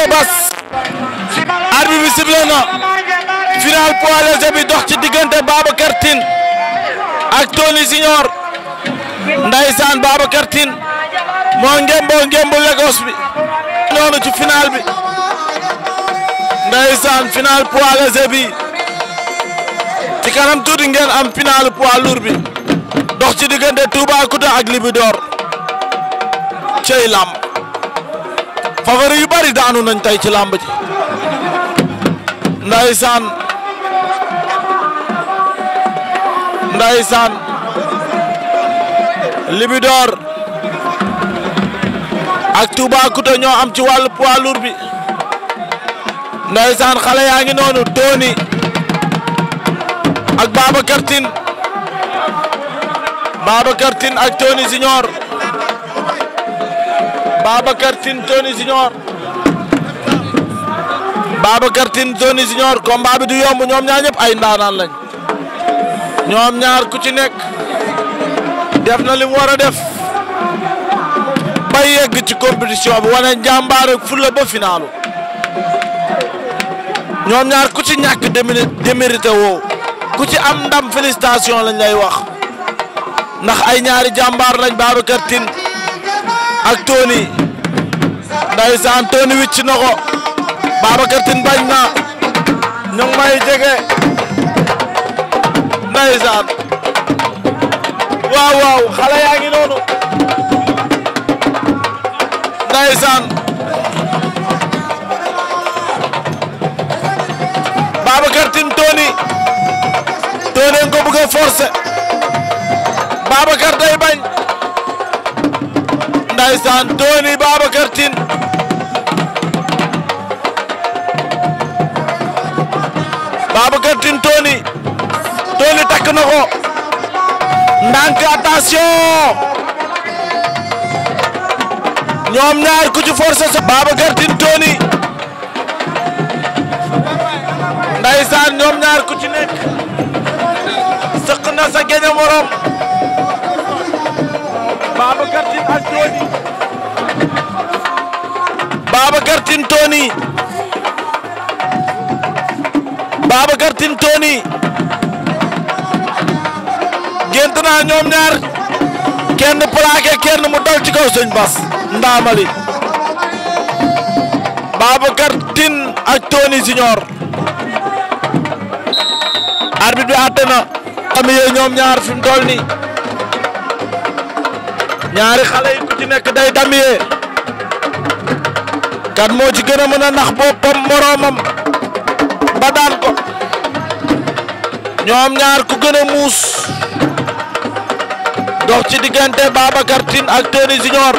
ca bas arbitre bi sifflé dox ci diggante Babacar Tine ak Tony Junior ndaysaan Babacar Tine moo ngemboo ngembu Lagos bi noonu ci final bi ndaysaan final poids léger bi ci kanam tuuti ngeen am final poids bi dox ci diggante Toubacouta ak Libidor cey lamb favori yu bari daanu nañ tey ci làmb ji ndaysaan ndaysaan Libidor ak Toubacouta ñoo am ci wàllu poids lourd bi ndaysaan xale yaa ngi noonu Tony ak Babacar Tine Babacar Tine ak Tony Junior Babacar Tine Tony Junior Babacar Tine Tony Junior combat bi du yomb ñoom ñaar ñëpp ay ndaanaan lañ ñoom ñaar ku ci nekk def na li mu war a def bay yegg ci compétition bi wane njàmbaar ak fulla ba finaalu ñoom ñaar ku ci ñàkk démérité woo ku ci am ndam félicitation lañ lay wax ndax ay ñaari jàmbaar lañ Babacar Tine ak Tony ndaysaan Tony wicc na ko Babacar Tine bañ na ñu ngi may jege ndaysaan waaw waaw xale yaa ngi noonu ndaysaan Babacar Tine Tony Tony nga ko bëgg a forcer Babacar day bañ ndeysaan Tony Babacar Tine Babacar Tine Tony Tony ñoom ñaar ku ci forcé sa Babacar Tine Tony ndeysaan ñoom ñaar ku nekk sëq sa geña morom Babacar Tintoni Babacar Tintoni gént naa ñoom ñaar kenn plaqué kenn mu dal ci kaw sëñ Bas Ndamali Babacar Tine ak Tony Junior arbitre bi àtte na am ñoom ñaar fi mu ni ñaari xale ku ci nekk day damyee kan moo ci gën a mën a nax boppam moroomam ba daan ko ñoom ñaar ku gën a muus dox ci diggante Babacar Tine ak Tony Junior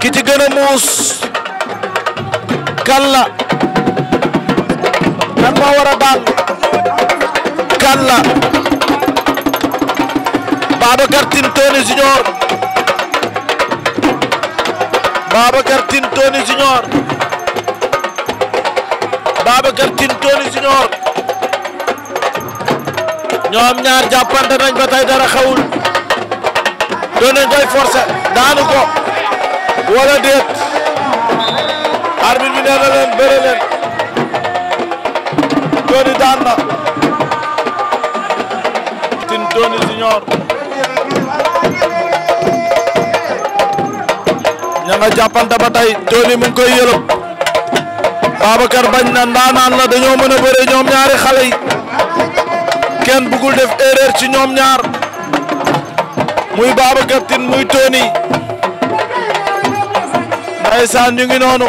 ki ci gën muus kan la moo war daan kan la Babacar Tine Tony Babacar Tine Tony Junior Babacar ñoom ñaar jàppante nañ ba tey dara xawul doon nañ koy forcer daanu ko wala déet arbitre bi nee leen bëre leen Tony daan na Tine nga jàppante ba tey Joni mu ngi koy bañ na ndaanaan la dañoo mën a bëre ñoom ñaari xale yi kenn bëggul def erreur ci ñoom ñaar muy Babacar Tine muy Joni ndeysaan ñu ngi noonu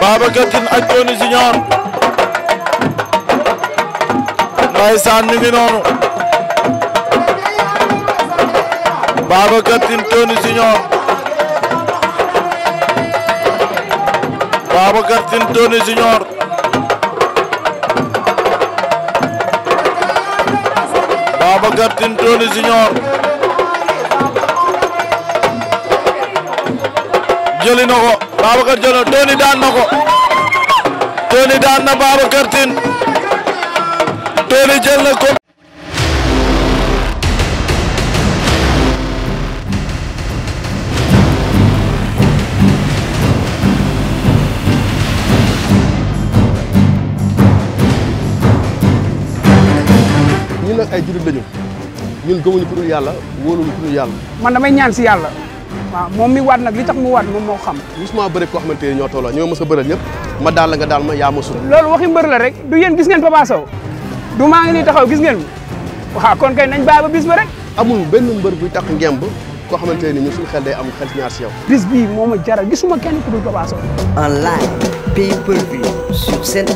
Babacar Tine ak Joni Junior ndeysaan ñu ngi noonu Babacar Tine Tony Junior Babacar Tine Tony Junior Babacar Tine Tony Junior Tony daan na Tony daan na Babacar Tine Tony jël na ko nag ay jullit lañu yàlla wóoluñu ku dul yàlla. man ñaan si yàlla. waaw moom mi waat nag li tax mu waat moom moo xam. musuma bëri koo xamante ñoo tolloo a bëral ñëpp ma daal la nga daal ma yaa ma sut. loolu waxi mbër la rek du yéen gis ngeen Papa Sow du maa ngi nii taxaw gis ngeen waaw kon kay nañ bàyyi ba bis ba rek. amul benn mbër buy tax ngemb koo xamante ne ñun suñu xel day am xel ñaar si yow. bis bii moo a jaral gisuma kenn ku dul Papa Sow. en live pay per view sur seen